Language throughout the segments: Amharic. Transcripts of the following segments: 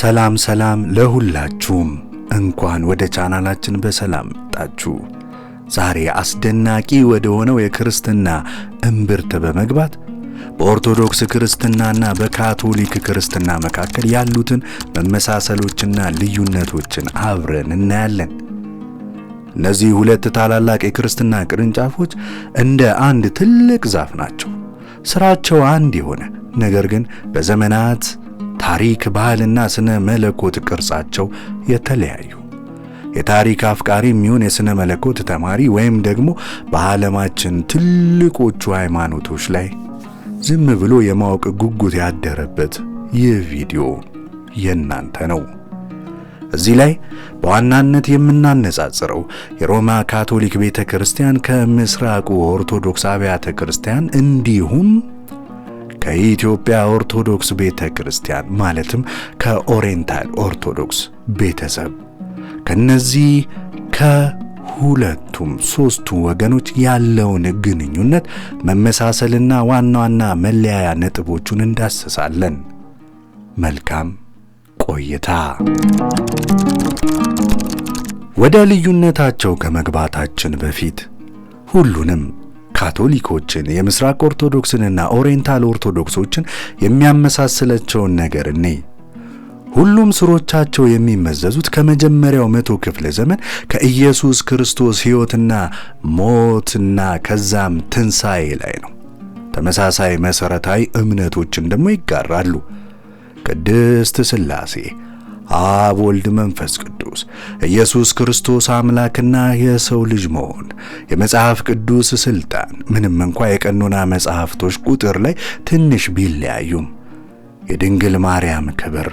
ሰላም ሰላም ለሁላችሁም፣ እንኳን ወደ ቻናላችን በሰላም መጣችሁ። ዛሬ አስደናቂ ወደ ሆነው የክርስትና እምብርት በመግባት በኦርቶዶክስ ክርስትናና በካቶሊክ ክርስትና መካከል ያሉትን መመሳሰሎችና ልዩነቶችን አብረን እናያለን። እነዚህ ሁለት ታላላቅ የክርስትና ቅርንጫፎች እንደ አንድ ትልቅ ዛፍ ናቸው። ስራቸው አንድ የሆነ ነገር ግን በዘመናት ታሪክ፣ ባህልና ስነ መለኮት ቅርጻቸው የተለያዩ የታሪክ አፍቃሪ የሚሆን የሥነ መለኮት ተማሪ ወይም ደግሞ በዓለማችን ትልቆቹ ሃይማኖቶች ላይ ዝም ብሎ የማወቅ ጉጉት ያደረበት ይህ ቪዲዮ የእናንተ ነው። እዚህ ላይ በዋናነት የምናነጻጽረው የሮማ ካቶሊክ ቤተ ክርስቲያን ከምስራቁ ኦርቶዶክስ አብያተ ክርስቲያን እንዲሁም ከኢትዮጵያ ኦርቶዶክስ ቤተ ክርስቲያን ማለትም ከኦሪየንታል ኦርቶዶክስ ቤተሰብ ከነዚህ ከሁለቱም ሶስቱ ወገኖች ያለውን ግንኙነት መመሳሰልና ዋና ዋና መለያያ ነጥቦቹን እንዳስሳለን። መልካም ቆይታ። ወደ ልዩነታቸው ከመግባታችን በፊት ሁሉንም ካቶሊኮችን የምስራቅ ኦርቶዶክስንና ኦሪየንታል ኦርቶዶክሶችን የሚያመሳስለቸውን ነገር እኔ ሁሉም ስሮቻቸው የሚመዘዙት ከመጀመሪያው መቶ ክፍለ ዘመን ከኢየሱስ ክርስቶስ ሕይወትና ሞትና ከዛም ትንሣኤ ላይ ነው። ተመሳሳይ መሠረታዊ እምነቶችን ደግሞ ይጋራሉ። ቅድስት ሥላሴ አብ፣ ወልድ፣ መንፈስ ቅዱስ ኢየሱስ ኢየሱስ ክርስቶስ አምላክና የሰው ልጅ መሆን የመጽሐፍ ቅዱስ ስልጣን ምንም እንኳ የቀኖና መጽሐፍቶች ቁጥር ላይ ትንሽ ቢለያዩም የድንግል ማርያም ክብር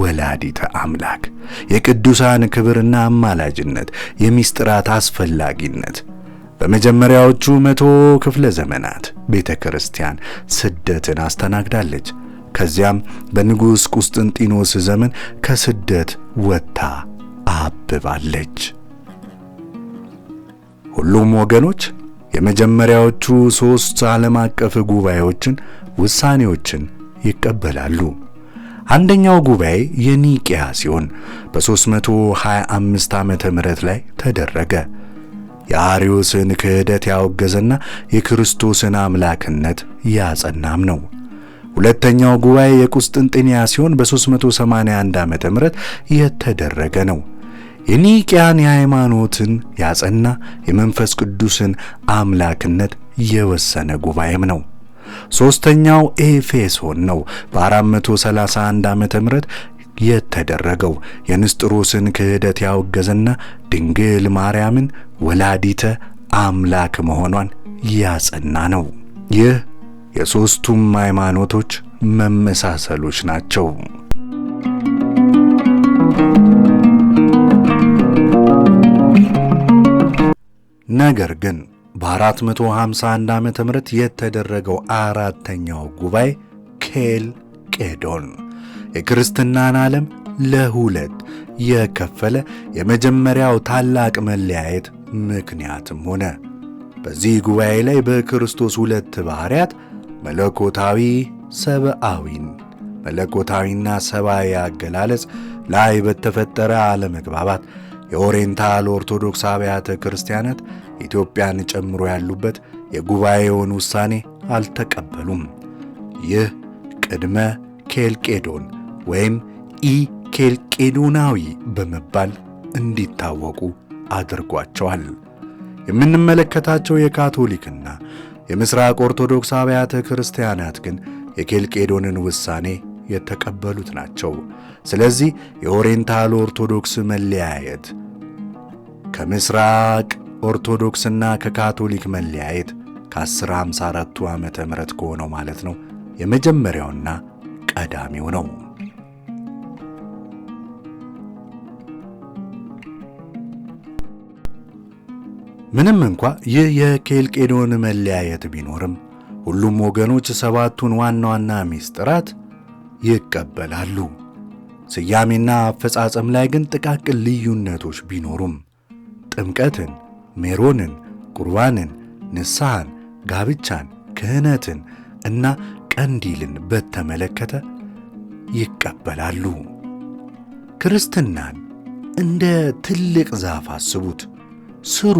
ወላዲተ አምላክ የቅዱሳን ክብርና አማላጅነት የሚስጥራት አስፈላጊነት በመጀመሪያዎቹ መቶ ክፍለ ዘመናት ቤተ ክርስቲያን ስደትን አስተናግዳለች። ከዚያም በንጉሥ ቁስጥንጢኖስ ዘመን ከስደት ወጥታ አብባለች። ሁሉም ወገኖች የመጀመሪያዎቹ ሦስት ዓለም አቀፍ ጉባኤዎችን ውሳኔዎችን ይቀበላሉ። አንደኛው ጉባኤ የኒቂያ ሲሆን በ325 ዓመተ ምህረት ላይ ተደረገ። የአርዮስን ክህደት ያወገዘና የክርስቶስን አምላክነት ያጸናም ነው። ሁለተኛው ጉባኤ የቁስጥንጥንያ ሲሆን በ381 ዓመተ ምህረት የተደረገ ነው። የኒቅያን የሃይማኖትን ያጸና የመንፈስ ቅዱስን አምላክነት የወሰነ ጉባኤም ነው። ሦስተኛው ኤፌሶን ነው። በ431 ዓመተ ምህረት የተደረገው የንስጥሮስን ክህደት ያወገዘና ድንግል ማርያምን ወላዲተ አምላክ መሆኗን ያጸና ነው። ይህ የሦስቱም ሃይማኖቶች መመሳሰሎች ናቸው። ነገር ግን በ451 ዓ ም የተደረገው አራተኛው ጉባኤ ኬልቄዶን የክርስትናን ዓለም ለሁለት የከፈለ የመጀመሪያው ታላቅ መለያየት ምክንያትም ሆነ። በዚህ ጉባኤ ላይ በክርስቶስ ሁለት ባሕርያት መለኮታዊ ሰብአዊን መለኮታዊና ሰብአዊ አገላለጽ ላይ በተፈጠረ አለመግባባት የኦሪየንታል ኦርቶዶክስ አብያተ ክርስቲያናት ኢትዮጵያን ጨምሮ ያሉበት የጉባኤውን ውሳኔ አልተቀበሉም። ይህ ቅድመ ኬልቄዶን ወይም ኢ ኬልቄዶናዊ በመባል እንዲታወቁ አድርጓቸዋል። የምንመለከታቸው የካቶሊክና የምስራቅ ኦርቶዶክስ አብያተ ክርስቲያናት ግን የኬልቄዶንን ውሳኔ የተቀበሉት ናቸው። ስለዚህ የኦሪየንታል ኦርቶዶክስ መለያየት ከምስራቅ ኦርቶዶክስና ከካቶሊክ መለያየት ከ1054 ዓመተ ምህረት ከሆነው ማለት ነው የመጀመሪያውና ቀዳሚው ነው። ምንም እንኳ ይህ የኬልቄዶን መለያየት ቢኖርም ሁሉም ወገኖች ሰባቱን ዋና ዋና ሚስጥራት ይቀበላሉ። ስያሜና አፈጻጸም ላይ ግን ጥቃቅን ልዩነቶች ቢኖሩም ጥምቀትን፣ ሜሮንን፣ ቁርባንን፣ ንስሐን፣ ጋብቻን፣ ክህነትን እና ቀንዲልን በተመለከተ ይቀበላሉ። ክርስትናን እንደ ትልቅ ዛፍ አስቡት። ስሩ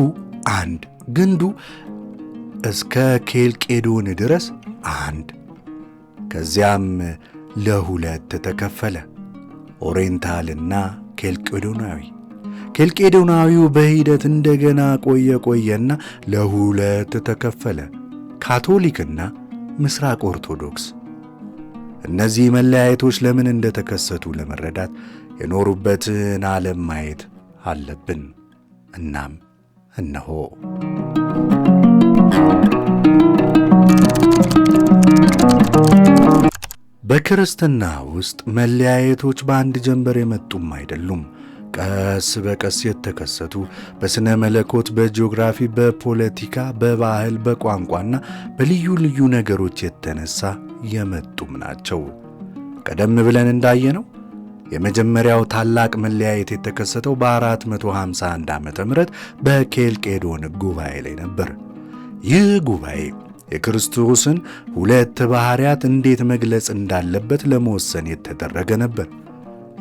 አንድ፣ ግንዱ እስከ ኬልቄዶን ድረስ አንድ ከዚያም ለሁለት ተከፈለ፣ ኦሬንታልና ኬልቄዶናዊ። ኬልቄዶናዊው በሂደት እንደገና ቆየ ቆየና ለሁለት ተከፈለ፣ ካቶሊክና ምስራቅ ኦርቶዶክስ። እነዚህ መለያየቶች ለምን እንደተከሰቱ ለመረዳት የኖሩበትን ዓለም ማየት አለብን። እናም እነሆ Thank you. በክርስትና ውስጥ መለያየቶች በአንድ ጀንበር የመጡም አይደሉም። ቀስ በቀስ የተከሰቱ በሥነ መለኮት፣ በጂኦግራፊ፣ በፖለቲካ፣ በባህል፣ በቋንቋና በልዩ ልዩ ነገሮች የተነሳ የመጡም ናቸው። ቀደም ብለን እንዳየነው የመጀመሪያው ታላቅ መለያየት የተከሰተው በ451 ዓ ም በኬልቄዶን ጉባኤ ላይ ነበር። ይህ ጉባኤ የክርስቶስን ሁለት ባሕርያት እንዴት መግለጽ እንዳለበት ለመወሰን የተደረገ ነበር።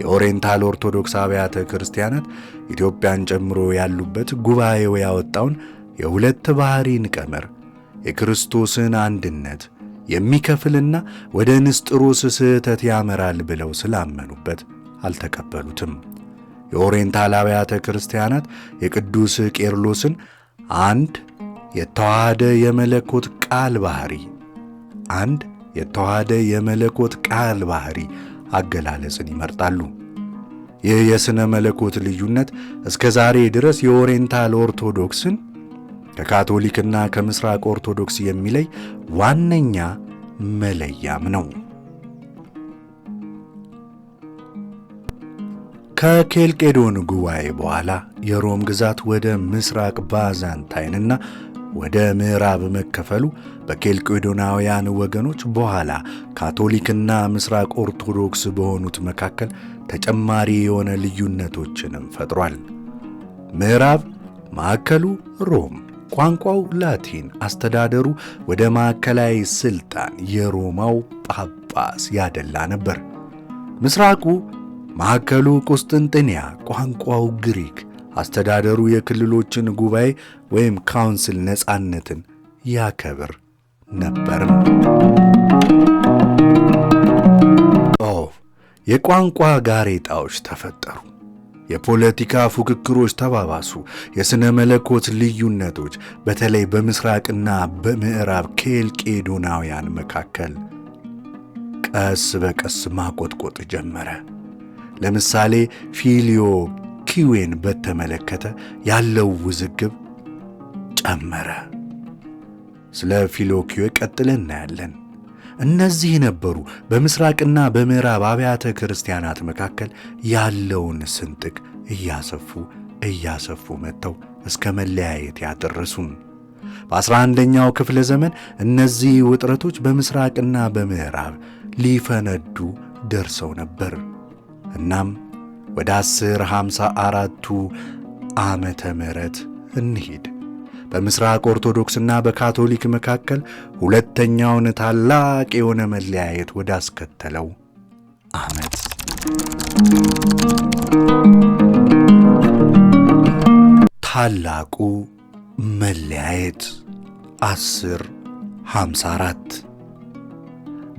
የኦሬንታል ኦርቶዶክስ አብያተ ክርስቲያናት ኢትዮጵያን ጨምሮ ያሉበት ጉባኤው ያወጣውን የሁለት ባሕሪን ቀመር የክርስቶስን አንድነት የሚከፍልና ወደ ንስጥሮስ ስህተት ያመራል ብለው ስላመኑበት አልተቀበሉትም። የኦሬንታል አብያተ ክርስቲያናት የቅዱስ ቄርሎስን አንድ የተዋሃደ የመለኮት ቃል ባህሪ አንድ የተዋሃደ የመለኮት ቃል ባህሪ አገላለጽን ይመርጣሉ። ይህ የሥነ መለኮት ልዩነት እስከ ዛሬ ድረስ የኦሪየንታል ኦርቶዶክስን ከካቶሊክና ከምስራቅ ኦርቶዶክስ የሚለይ ዋነኛ መለያም ነው። ከኬልቄዶን ጉባኤ በኋላ የሮም ግዛት ወደ ምስራቅ ባዛንታይንና ወደ ምዕራብ መከፈሉ በኬልቄዶናውያን ወገኖች በኋላ ካቶሊክና ምስራቅ ኦርቶዶክስ በሆኑት መካከል ተጨማሪ የሆነ ልዩነቶችንም ፈጥሯል። ምዕራብ ማዕከሉ ሮም፣ ቋንቋው ላቲን፣ አስተዳደሩ ወደ ማዕከላዊ ሥልጣን የሮማው ጳጳስ ያደላ ነበር። ምስራቁ ማዕከሉ ቁስጥንጥንያ፣ ቋንቋው ግሪክ አስተዳደሩ የክልሎችን ጉባኤ ወይም ካውንስል ነፃነትን ያከብር ነበርም። ኦ የቋንቋ ጋሬጣዎች ተፈጠሩ። የፖለቲካ ፉክክሮች ተባባሱ። የሥነ መለኮት ልዩነቶች በተለይ በምሥራቅና በምዕራብ ኬልቄዶናውያን መካከል ቀስ በቀስ ማቆጥቆጥ ጀመረ። ለምሳሌ ፊሊዮ ዌን በተመለከተ ያለው ውዝግብ ጨመረ። ስለ ፊሎኪዮ ቀጥለን እናያለን። እነዚህ ነበሩ በምስራቅና በምዕራብ አብያተ ክርስቲያናት መካከል ያለውን ስንጥቅ እያሰፉ እያሰፉ መጥተው እስከ መለያየት ያደረሱን። በ11ኛው ክፍለ ዘመን እነዚህ ውጥረቶች በምስራቅና በምዕራብ ሊፈነዱ ደርሰው ነበር። እናም ወደ 1054 አራቱ ዓመተ ምህረት እንሂድ። በምሥራቅ ኦርቶዶክስና በካቶሊክ መካከል ሁለተኛውን ታላቅ የሆነ መለያየት ወዳስከተለው ዓመት ታላቁ መለያየት አራት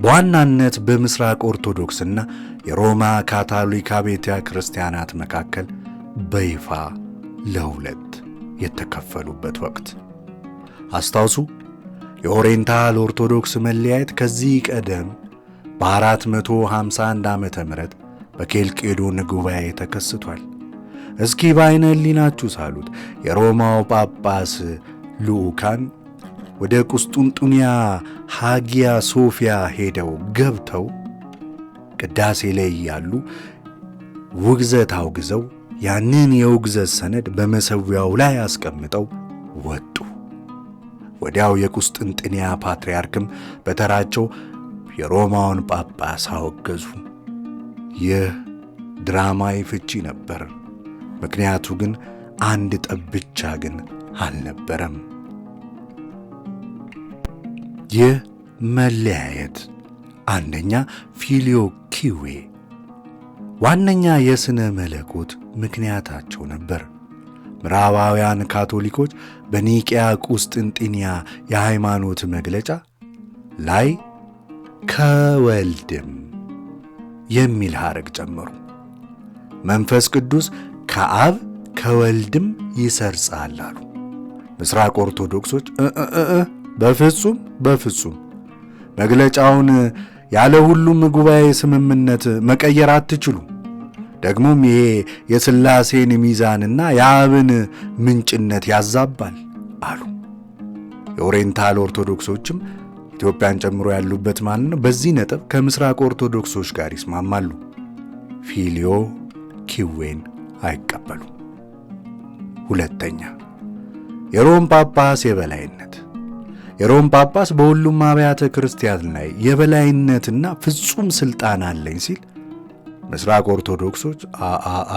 በዋናነት በምሥራቅ ኦርቶዶክስና የሮማ ካታሊካ ቤተ ክርስቲያናት መካከል በይፋ ለሁለት የተከፈሉበት ወቅት አስታውሱ። የኦሬንታል ኦርቶዶክስ መለያየት ከዚህ ቀደም በ451 ዓ ም በኬልቄዶን ጉባኤ ተከስቷል። እስኪ በዓይነ ሕሊናችሁ ሳሉት። የሮማው ጳጳስ ልዑካን ወደ ቁስጡንጡንያ ሃጊያ ሶፊያ ሄደው ገብተው ቅዳሴ ላይ እያሉ ውግዘት አውግዘው ያንን የውግዘት ሰነድ በመሠዊያው ላይ አስቀምጠው ወጡ። ወዲያው የቁስጥንጥንያ ፓትርያርክም በተራቸው የሮማውን ጳጳስ አወገዙ። ይህ ድራማዊ ፍቺ ነበር። ምክንያቱ ግን አንድ ጠብቻ ግን አልነበረም። ይህ መለያየት አንደኛ ፊሊዮኪዌ ዋነኛ የሥነ መለኮት ምክንያታቸው ነበር። ምዕራባውያን ካቶሊኮች በኒቅያ ቁስጥንጥንያ የሃይማኖት መግለጫ ላይ ከወልድም የሚል ሐረግ ጨመሩ። መንፈስ ቅዱስ ከአብ ከወልድም ይሰርጻል አሉ። ምስራቅ ኦርቶዶክሶች በፍጹም በፍጹም መግለጫውን ያለ ሁሉም ጉባኤ ስምምነት መቀየር አትችሉ። ደግሞም ይሄ የሥላሴን ሚዛንና የአብን ምንጭነት ያዛባል አሉ። የኦሬንታል ኦርቶዶክሶችም ኢትዮጵያን ጨምሮ ያሉበት ማለት ነው፣ በዚህ ነጥብ ከምስራቅ ኦርቶዶክሶች ጋር ይስማማሉ። ፊሊዮ ኪዌን አይቀበሉም። ሁለተኛ የሮም ጳጳስ የበላይነት የሮም ጳጳስ በሁሉም አብያተ ክርስቲያን ላይ የበላይነትና ፍጹም ስልጣን አለኝ ሲል ምስራቅ ኦርቶዶክሶች አአአ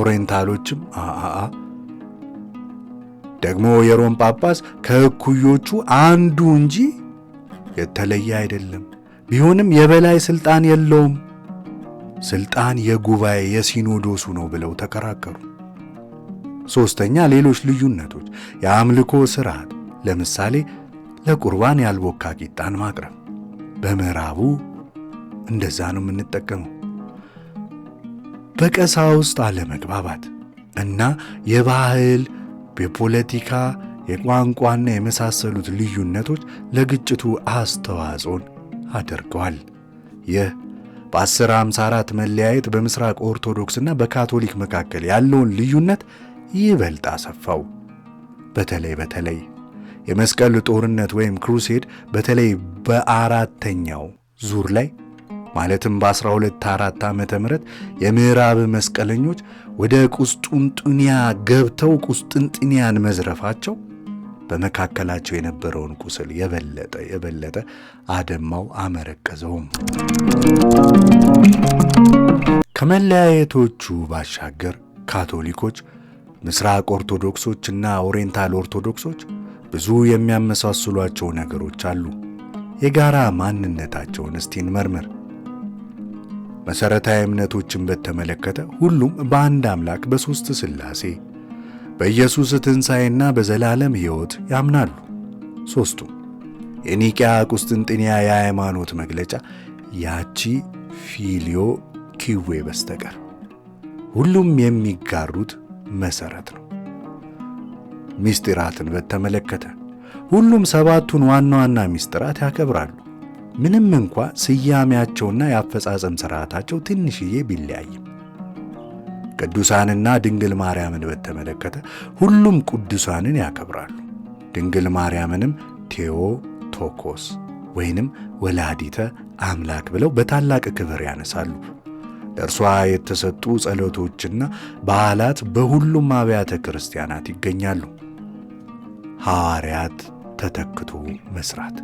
ኦሬንታሎችም አአአ ደግሞ የሮም ጳጳስ ከእኩዮቹ አንዱ እንጂ የተለየ አይደለም። ቢሆንም የበላይ ስልጣን የለውም። ስልጣን የጉባኤ የሲኖዶሱ ነው ብለው ተከራከሩ። ሦስተኛ፣ ሌሎች ልዩነቶች የአምልኮ ሥርዓት ለምሳሌ ለቁርባን ያልቦካ ቂጣን ማቅረብ በምዕራቡ እንደዛ ነው የምንጠቀመው። በቀሳውስት አለመግባባት እና የባህል የፖለቲካ የቋንቋና የመሳሰሉት ልዩነቶች ለግጭቱ አስተዋጽኦን አድርገዋል። ይህ በ1054 መለያየት በምስራቅ ኦርቶዶክስና በካቶሊክ መካከል ያለውን ልዩነት ይበልጥ አሰፋው። በተለይ በተለይ የመስቀል ጦርነት ወይም ክሩሴድ በተለይ በአራተኛው ዙር ላይ ማለትም በ1204 ዓ ም የምዕራብ መስቀለኞች ወደ ቁስጡንጥንያ ገብተው ቁስጥንጥንያን መዝረፋቸው በመካከላቸው የነበረውን ቁስል የበለጠ የበለጠ አደማው አመረቀዘውም። ከመለያየቶቹ ባሻገር ካቶሊኮች፣ ምስራቅ ኦርቶዶክሶችና ኦሪየንታል ኦርቶዶክሶች ብዙ የሚያመሳስሏቸው ነገሮች አሉ። የጋራ ማንነታቸውን እስቲ እንመርምር። መሠረታዊ እምነቶችን በተመለከተ ሁሉም በአንድ አምላክ በሦስት ሥላሴ በኢየሱስ ትንሣኤና በዘላለም ሕይወት ያምናሉ። ሦስቱ የኒቅያ ቁስጥንጥንያ የሃይማኖት መግለጫ ያቺ ፊልዮ ኪዌ በስተቀር ሁሉም የሚጋሩት መሠረት ነው። ምስጢራትን በተመለከተ ሁሉም ሰባቱን ዋና ዋና ምስጢራት ያከብራሉ። ምንም እንኳ ስያሜያቸውና የአፈጻጸም ሥርዓታቸው ትንሽዬ ቢለያይም ቅዱሳንና ድንግል ማርያምን በተመለከተ ሁሉም ቅዱሳንን ያከብራሉ። ድንግል ማርያምንም ቴዎቶኮስ ወይንም ወላዲተ አምላክ ብለው በታላቅ ክብር ያነሳሉ። ለእርሷ የተሰጡ ጸሎቶችና በዓላት በሁሉም አብያተ ክርስቲያናት ይገኛሉ። ሐዋርያት ተተክቶ መስራት።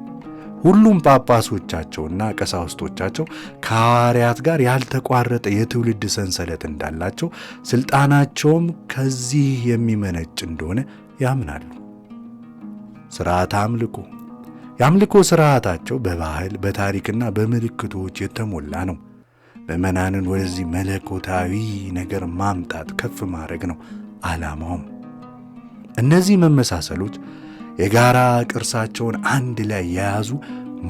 ሁሉም ጳጳሶቻቸውና ቀሳውስቶቻቸው ከሐዋርያት ጋር ያልተቋረጠ የትውልድ ሰንሰለት እንዳላቸው፣ ስልጣናቸውም ከዚህ የሚመነጭ እንደሆነ ያምናሉ። ሥርዓት አምልኮ የአምልኮ ስርዓታቸው በባህል በታሪክና በምልክቶች የተሞላ ነው። ምዕመናንን ወደዚህ መለኮታዊ ነገር ማምጣት ከፍ ማድረግ ነው ዓላማውም። እነዚህ መመሳሰሎች የጋራ ቅርሳቸውን አንድ ላይ የያዙ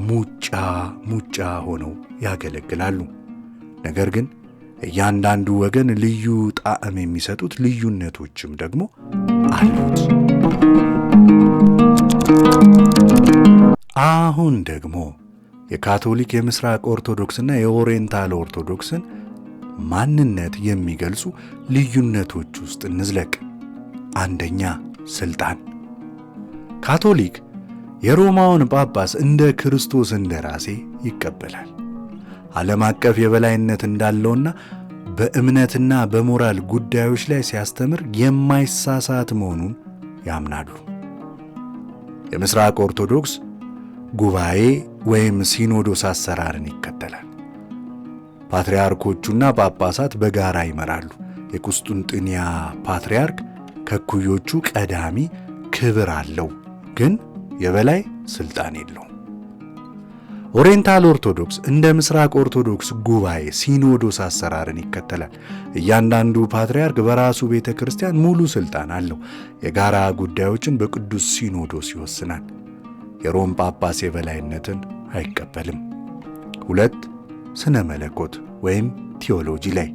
ሙጫ ሙጫ ሆነው ያገለግላሉ። ነገር ግን እያንዳንዱ ወገን ልዩ ጣዕም የሚሰጡት ልዩነቶችም ደግሞ አሉት። አሁን ደግሞ የካቶሊክ የምስራቅ ኦርቶዶክስና የኦሪየንታል ኦርቶዶክስን ማንነት የሚገልጹ ልዩነቶች ውስጥ እንዝለቅ። አንደኛ ስልጣን። ካቶሊክ የሮማውን ጳጳስ እንደ ክርስቶስ እንደራሴ ይቀበላል። ዓለም አቀፍ የበላይነት እንዳለውና በእምነትና በሞራል ጉዳዮች ላይ ሲያስተምር የማይሳሳት መሆኑን ያምናሉ። የምስራቅ ኦርቶዶክስ ጉባኤ ወይም ሲኖዶስ አሰራርን ይከተላል። ፓትርያርኮቹና ጳጳሳት በጋራ ይመራሉ። የቁስጡንጥንያ ፓትርያርክ ከኩዮቹ ቀዳሚ ክብር አለው፣ ግን የበላይ ስልጣን የለውም። ኦሪየንታል ኦርቶዶክስ እንደ ምስራቅ ኦርቶዶክስ ጉባኤ ሲኖዶስ አሰራርን ይከተላል። እያንዳንዱ ፓትርያርክ በራሱ ቤተ ክርስቲያን ሙሉ ስልጣን አለው። የጋራ ጉዳዮችን በቅዱስ ሲኖዶስ ይወስናል። የሮም ጳጳስ የበላይነትን አይቀበልም። ሁለት ስነ መለኮት ወይም ቴዎሎጂ ላይ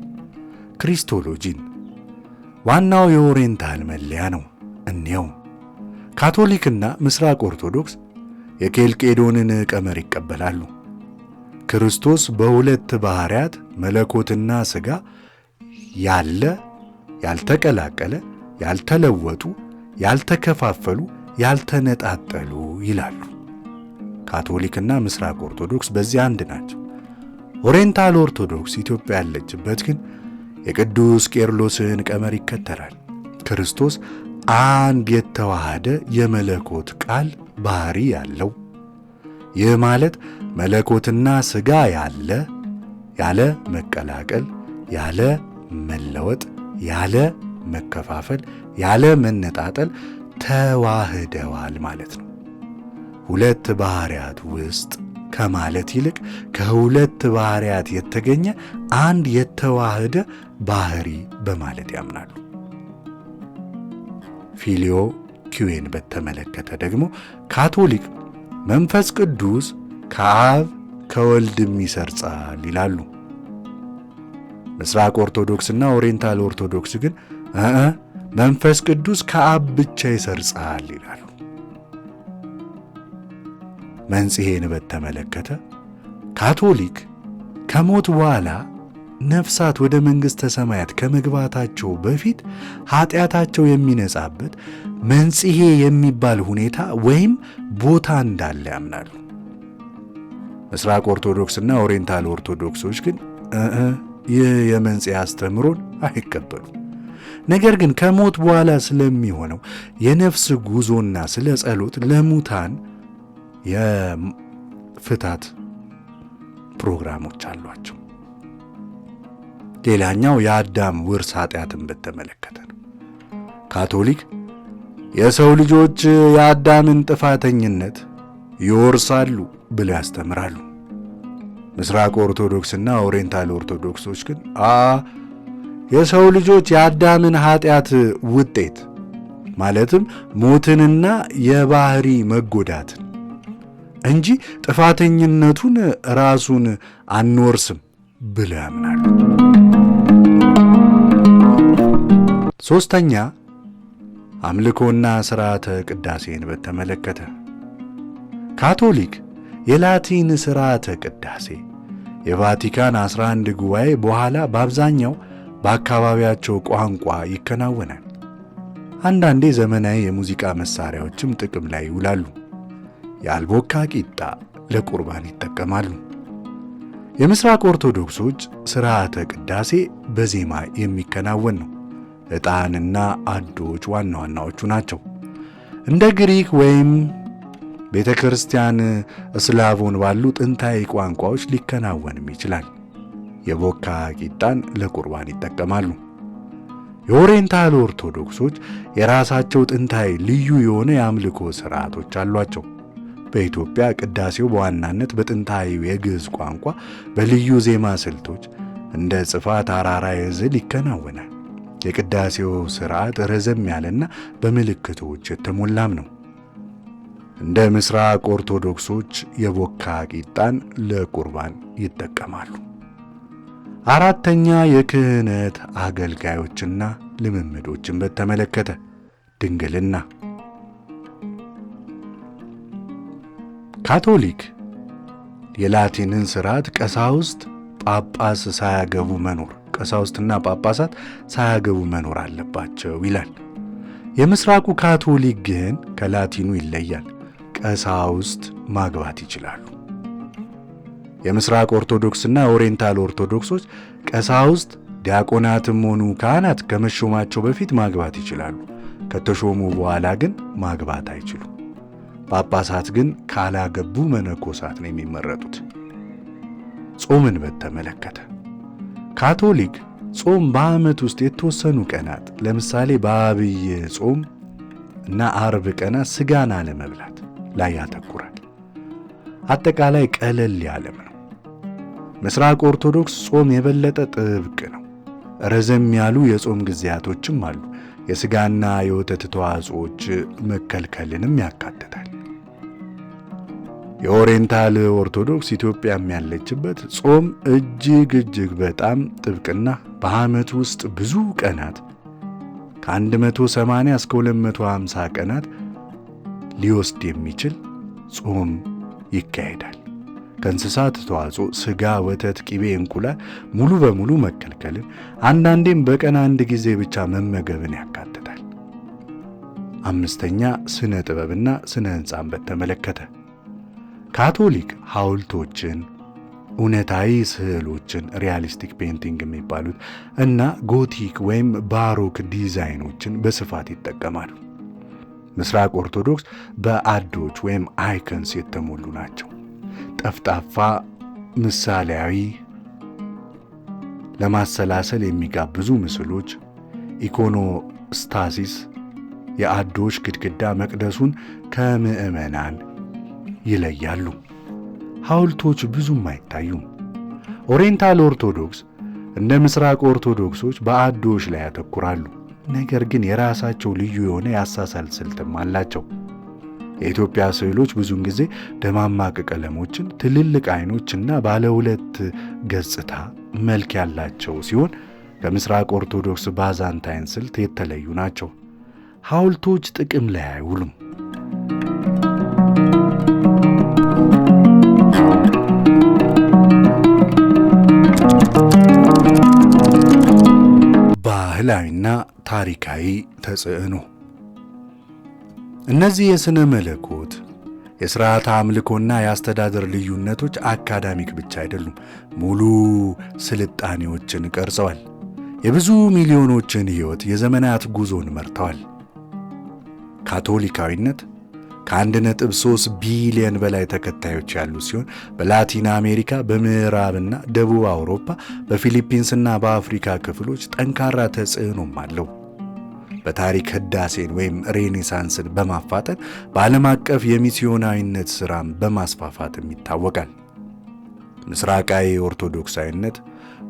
ክሪስቶሎጂን ዋናው የኦሪየንታል መለያ ነው። እኒው ካቶሊክና ምስራቅ ኦርቶዶክስ የኬልቄዶንን ቀመር ይቀበላሉ። ክርስቶስ በሁለት ባሕርያት መለኮትና ሥጋ ያለ ያልተቀላቀለ፣ ያልተለወጡ፣ ያልተከፋፈሉ፣ ያልተነጣጠሉ ይላሉ። ካቶሊክና ምስራቅ ኦርቶዶክስ በዚህ አንድ ናቸው። ኦሪየንታል ኦርቶዶክስ ኢትዮጵያ ያለችበት ግን የቅዱስ ቄርሎስን ቀመር ይከተላል። ክርስቶስ አንድ የተዋሃደ የመለኮት ቃል ባህሪ ያለው ይህ ማለት መለኮትና ሥጋ ያለ ያለ መቀላቀል፣ ያለ መለወጥ፣ ያለ መከፋፈል፣ ያለ መነጣጠል ተዋህደዋል ማለት ነው። ሁለት ባህሪያት ውስጥ ከማለት ይልቅ ከሁለት ባህርያት የተገኘ አንድ የተዋህደ ባህሪ በማለት ያምናሉ። ፊሊዮ ኪዌን በተመለከተ ደግሞ ካቶሊክ መንፈስ ቅዱስ ከአብ ከወልድም ይሰርጻል ይላሉ። ምስራቅ ኦርቶዶክስና ኦሪየንታል ኦርቶዶክስ ግን መንፈስ ቅዱስ ከአብ ብቻ ይሰርጻል ይላሉ። መንጽሔ በተመለከተ ካቶሊክ ከሞት በኋላ ነፍሳት ወደ መንግሥተ ሰማያት ከመግባታቸው በፊት ኃጢአታቸው የሚነጻበት መንጽሔ የሚባል ሁኔታ ወይም ቦታ እንዳለ ያምናሉ። ምስራቅ ኦርቶዶክስና ኦሪየንታል ኦርቶዶክሶች ግን ይህ የመንጽሔ አስተምሮን አይቀበሉም። ነገር ግን ከሞት በኋላ ስለሚሆነው የነፍስ ጉዞና ስለ ጸሎት ለሙታን የፍታት ፕሮግራሞች አሏቸው። ሌላኛው የአዳም ውርስ ኃጢአትን በተመለከተ ነው። ካቶሊክ የሰው ልጆች የአዳምን ጥፋተኝነት ይወርሳሉ ብለው ያስተምራሉ። ምስራቅ ኦርቶዶክስና ኦሪየንታል ኦርቶዶክሶች ግን አ የሰው ልጆች የአዳምን ኃጢአት ውጤት ማለትም ሞትንና የባህሪ መጎዳትን እንጂ ጥፋተኝነቱን ራሱን አንወርስም ብለው ያምናል ሦስተኛ አምልኮና ሥርዓተ ቅዳሴን በተመለከተ ካቶሊክ የላቲን ሥርዓተ ቅዳሴ የቫቲካን 11 ጉባኤ በኋላ በአብዛኛው በአካባቢያቸው ቋንቋ ይከናወናል። አንዳንዴ ዘመናዊ የሙዚቃ መሣሪያዎችም ጥቅም ላይ ይውላሉ። ያልቦካ ቂጣ ለቁርባን ይጠቀማሉ። የምስራቅ ኦርቶዶክሶች ሥርዓተ ቅዳሴ በዜማ የሚከናወን ነው። ዕጣንና አዶች ዋና ዋናዎቹ ናቸው። እንደ ግሪክ ወይም ቤተ ክርስቲያን እስላቮን ባሉ ጥንታዊ ቋንቋዎች ሊከናወንም ይችላል። የቦካ ቂጣን ለቁርባን ይጠቀማሉ። የኦሪየንታል ኦርቶዶክሶች የራሳቸው ጥንታዊ ልዩ የሆነ የአምልኮ ሥርዓቶች አሏቸው። በኢትዮጵያ ቅዳሴው በዋናነት በጥንታዊ የግዕዝ ቋንቋ በልዩ ዜማ ስልቶች እንደ ጽፋት፣ አራራ፣ ዕዝል ይከናወናል። የቅዳሴው ስርዓት ረዘም ያለና በምልክቶች የተሞላም ነው። እንደ ምስራቅ ኦርቶዶክሶች የቦካ ቂጣን ለቁርባን ይጠቀማሉ። አራተኛ የክህነት አገልጋዮችና ልምምዶችን በተመለከተ ድንግልና ካቶሊክ የላቲንን ስርዓት ቀሳውስት ጳጳስ ሳያገቡ መኖር ቀሳውስትና ጳጳሳት ሳያገቡ መኖር አለባቸው ይላል። የምስራቁ ካቶሊክ ግን ከላቲኑ ይለያል። ቀሳውስት ማግባት ይችላሉ። የምስራቅ ኦርቶዶክስና ኦሪየንታል ኦርቶዶክሶች ቀሳውስት ዲያቆናትም ሆኑ ካህናት ከመሾማቸው በፊት ማግባት ይችላሉ። ከተሾሙ በኋላ ግን ማግባት አይችሉም። ጳጳሳት ግን ካላገቡ መነኮሳት ነው የሚመረጡት። ጾምን በተመለከተ ካቶሊክ ጾም በዓመት ውስጥ የተወሰኑ ቀናት ለምሳሌ በአብይ ጾም እና አርብ ቀናት ስጋን አለመብላት ላይ ያተኩራል። አጠቃላይ ቀለል ያለም ነው። ምስራቅ ኦርቶዶክስ ጾም የበለጠ ጥብቅ ነው። ረዘም ያሉ የጾም ጊዜያቶችም አሉ። የስጋና የወተት ተዋጽኦች መከልከልንም ያካትታል። የኦሪየንታል ኦርቶዶክስ ኢትዮጵያም ያለችበት ጾም እጅግ እጅግ በጣም ጥብቅና በዓመት ውስጥ ብዙ ቀናት ከ180 እስከ 250 ቀናት ሊወስድ የሚችል ጾም ይካሄዳል። ከእንስሳት ተዋጽኦ ስጋ፣ ወተት፣ ቂቤ እንቁላል ሙሉ በሙሉ መከልከልን አንዳንዴም በቀን አንድ ጊዜ ብቻ መመገብን ያካትታል። አምስተኛ ስነ ጥበብና ስነ ህንፃን በተመለከተ ካቶሊክ ሐውልቶችን፣ እውነታዊ ስዕሎችን ሪያሊስቲክ ፔንቲንግ የሚባሉት እና ጎቲክ ወይም ባሮክ ዲዛይኖችን በስፋት ይጠቀማሉ። ምስራቅ ኦርቶዶክስ በአዶች ወይም አይከንስ የተሞሉ ናቸው። ጠፍጣፋ፣ ምሳሌያዊ፣ ለማሰላሰል የሚጋብዙ ምስሎች፣ ኢኮኖስታሲስ የአዶች ግድግዳ መቅደሱን ከምዕመናን ይለያሉ። ሐውልቶች ብዙም አይታዩም። ኦሪየንታል ኦርቶዶክስ እንደ ምስራቅ ኦርቶዶክሶች በአዶዎች ላይ ያተኩራሉ። ነገር ግን የራሳቸው ልዩ የሆነ የአሳሳል ስልትም አላቸው። የኢትዮጵያ ስዕሎች ብዙውን ጊዜ ደማማቅ ቀለሞችን፣ ትልልቅ አይኖችና ባለ ሁለት ገጽታ መልክ ያላቸው ሲሆን ከምስራቅ ኦርቶዶክስ ባዛንታይን ስልት የተለዩ ናቸው። ሐውልቶች ጥቅም ላይ አይውሉም። ባህላዊና ታሪካዊ ተጽዕኖ እነዚህ የሥነ መለኮት የሥርዓተ አምልኮና የአስተዳደር ልዩነቶች አካዳሚክ ብቻ አይደሉም፣ ሙሉ ስልጣኔዎችን ቀርጸዋል። የብዙ ሚሊዮኖችን ሕይወት፣ የዘመናት ጉዞን መርተዋል። ካቶሊካዊነት ነጥብ ሶስት ቢሊየን በላይ ተከታዮች ያሉ ሲሆን በላቲን አሜሪካ፣ በምዕራብና ደቡብ አውሮፓ፣ በፊሊፒንስና በአፍሪካ ክፍሎች ጠንካራ ተጽዕኖም አለው። በታሪክ ህዳሴን ወይም ሬኔሳንስን በማፋጠን በዓለም አቀፍ የሚስዮናዊነት ሥራም በማስፋፋትም ይታወቃል። ምስራቃዊ ኦርቶዶክሳዊነት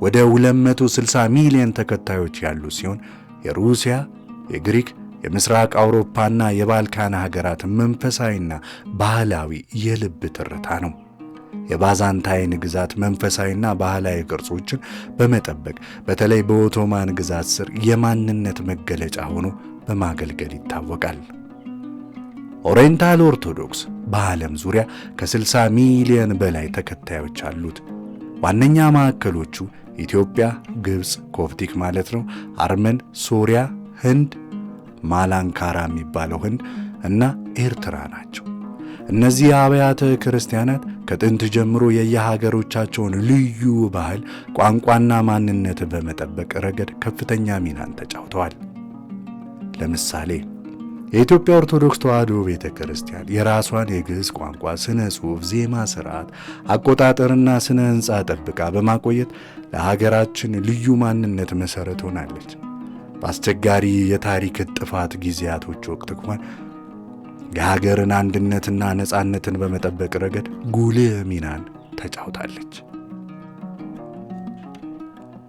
ወደ 260 ሚሊዮን ተከታዮች ያሉ ሲሆን የሩሲያ፣ የግሪክ የምስራቅ አውሮፓና የባልካን ሀገራት መንፈሳዊና ባህላዊ የልብ ትርታ ነው። የባዛንታይን ግዛት መንፈሳዊና ባህላዊ ቅርጾችን በመጠበቅ በተለይ በኦቶማን ግዛት ስር የማንነት መገለጫ ሆኖ በማገልገል ይታወቃል። ኦሪየንታል ኦርቶዶክስ በዓለም ዙሪያ ከ60 ሚሊዮን በላይ ተከታዮች አሉት። ዋነኛ ማዕከሎቹ ኢትዮጵያ፣ ግብፅ ኮፕቲክ ማለት ነው፣ አርመን፣ ሶሪያ፣ ህንድ ማላንካራ የሚባለው ህንድ እና ኤርትራ ናቸው። እነዚህ አብያተ ክርስቲያናት ከጥንት ጀምሮ የየሀገሮቻቸውን ልዩ ባህል፣ ቋንቋና ማንነት በመጠበቅ ረገድ ከፍተኛ ሚናን ተጫውተዋል። ለምሳሌ የኢትዮጵያ ኦርቶዶክስ ተዋሕዶ ቤተ ክርስቲያን የራሷን የግዕዝ ቋንቋ፣ ስነ ጽሑፍ፣ ዜማ ስርዓት፣ አቆጣጠርና ስነ ሕንፃ ጠብቃ በማቆየት ለሀገራችን ልዩ ማንነት መሠረት ሆናለች። በአስቸጋሪ የታሪክ ጥፋት ጊዜያቶች ወቅት እንኳን የሀገርን አንድነትና ነፃነትን በመጠበቅ ረገድ ጉልህ ሚናን ተጫውታለች።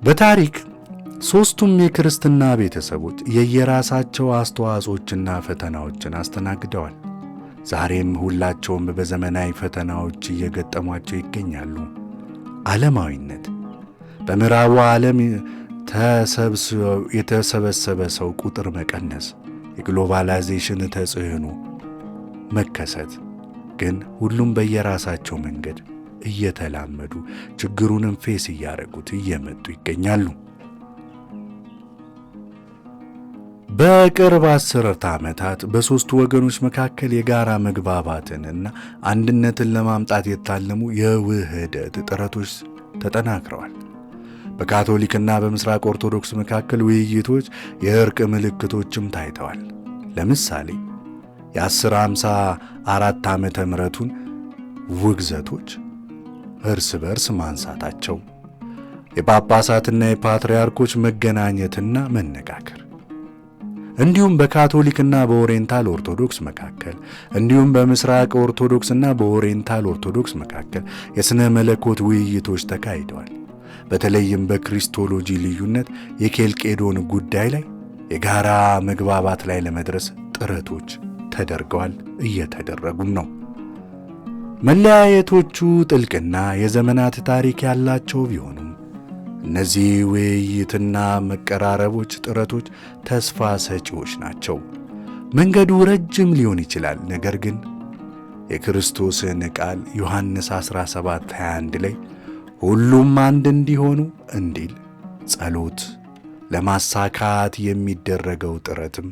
በታሪክ ሦስቱም የክርስትና ቤተሰቦች የየራሳቸው አስተዋጽኦችና ፈተናዎችን አስተናግደዋል። ዛሬም ሁላቸውም በዘመናዊ ፈተናዎች እየገጠሟቸው ይገኛሉ። ዓለማዊነት በምዕራቡ ዓለም የተሰበሰበ ሰው ቁጥር መቀነስ፣ የግሎባላይዜሽን ተጽዕኖ መከሰት ግን ሁሉም በየራሳቸው መንገድ እየተላመዱ ችግሩንም ፌስ እያደረጉት እየመጡ ይገኛሉ። በቅርብ አስርተ ዓመታት በሦስቱ ወገኖች መካከል የጋራ መግባባትንና አንድነትን ለማምጣት የታለሙ የውህደት ጥረቶች ተጠናክረዋል። በካቶሊክና በምስራቅ ኦርቶዶክስ መካከል ውይይቶች፣ የእርቅ ምልክቶችም ታይተዋል። ለምሳሌ የ1054 ዓመተ ምሕረቱን ውግዘቶች እርስ በርስ ማንሳታቸው፣ የጳጳሳትና የፓትርያርኮች መገናኘትና መነጋገር እንዲሁም በካቶሊክና በኦሬንታል ኦርቶዶክስ መካከል እንዲሁም በምስራቅ ኦርቶዶክስና በኦሬንታል ኦርቶዶክስ መካከል የሥነ መለኮት ውይይቶች ተካሂደዋል። በተለይም በክሪስቶሎጂ ልዩነት የኬልቄዶን ጉዳይ ላይ የጋራ መግባባት ላይ ለመድረስ ጥረቶች ተደርገዋል፣ እየተደረጉም ነው። መለያየቶቹ ጥልቅና የዘመናት ታሪክ ያላቸው ቢሆኑም እነዚህ ውይይትና መቀራረቦች ጥረቶች ተስፋ ሰጪዎች ናቸው። መንገዱ ረጅም ሊሆን ይችላል፣ ነገር ግን የክርስቶስን ቃል ዮሐንስ 17 21 ላይ ሁሉም አንድ እንዲሆኑ እንዲል ጸሎት ለማሳካት የሚደረገው ጥረትም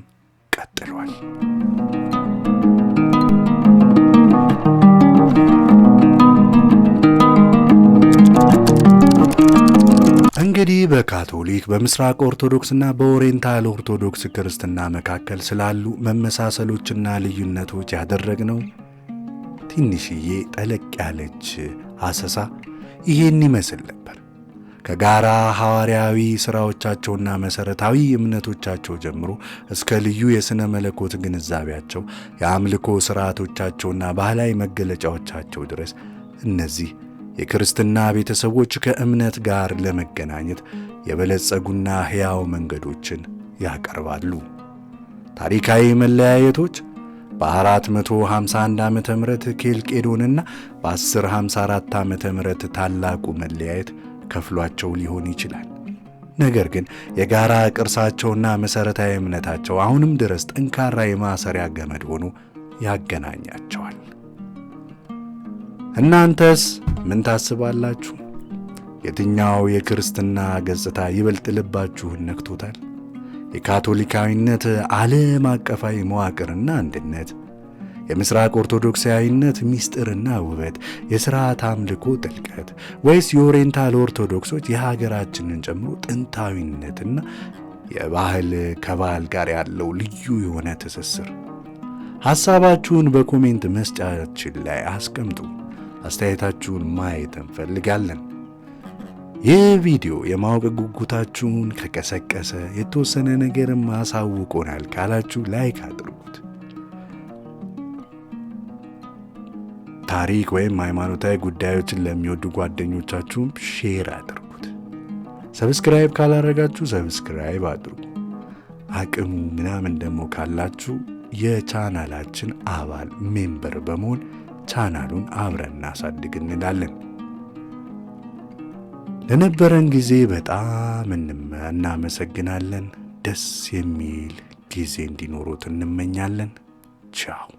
ቀጥሏል። እንግዲህ በካቶሊክ በምስራቅ ኦርቶዶክስና በኦሪየንታል ኦርቶዶክስ ክርስትና መካከል ስላሉ መመሳሰሎችና ልዩነቶች ያደረግነው ትንሽዬ ጠለቅ ያለች አሰሳ ይሄን ይመስል ነበር። ከጋራ ሐዋርያዊ ሥራዎቻቸውና መሠረታዊ እምነቶቻቸው ጀምሮ እስከ ልዩ የሥነ መለኮት ግንዛቤያቸው፣ የአምልኮ ሥርዓቶቻቸውና ባህላዊ መገለጫዎቻቸው ድረስ እነዚህ የክርስትና ቤተሰቦች ከእምነት ጋር ለመገናኘት የበለጸጉና ሕያው መንገዶችን ያቀርባሉ። ታሪካዊ መለያየቶች በ451 ዓ ም ኬልቄዶንና በ1054 ዓ ም ታላቁ መለያየት ከፍሏቸው ሊሆን ይችላል። ነገር ግን የጋራ ቅርሳቸውና መሠረታዊ እምነታቸው አሁንም ድረስ ጠንካራ የማሰሪያ ገመድ ሆኖ ያገናኛቸዋል። እናንተስ ምን ታስባላችሁ? የትኛው የክርስትና ገጽታ ይበልጥ ልባችሁን ነክቶታል? የካቶሊካዊነት ዓለም አቀፋዊ መዋቅርና አንድነት፣ የምሥራቅ ኦርቶዶክሳዊነት ምስጢርና ውበት፣ የሥርዓት አምልኮ ጥልቀት ወይስ የኦሪየንታል ኦርቶዶክሶች የሀገራችንን ጨምሮ ጥንታዊነትና የባህል ከባህል ጋር ያለው ልዩ የሆነ ትስስር? ሐሳባችሁን በኮሜንት መስጫችን ላይ አስቀምጡ። አስተያየታችሁን ማየት እንፈልጋለን። ይህ ቪዲዮ የማወቅ ጉጉታችሁን ከቀሰቀሰ የተወሰነ ነገር ማሳውቆናል ካላችሁ ላይክ አድርጉት። ታሪክ ወይም ሃይማኖታዊ ጉዳዮችን ለሚወዱ ጓደኞቻችሁም ሼር አድርጉት። ሰብስክራይብ ካላረጋችሁ ሰብስክራይብ አድርጉ። አቅሙ ምናምን ደግሞ ካላችሁ የቻናላችን አባል ሜምበር በመሆን ቻናሉን አብረን እናሳድግ እንላለን። ለነበረን ጊዜ በጣም እናመሰግናለን። ደስ የሚል ጊዜ እንዲኖሩት እንመኛለን። ቻው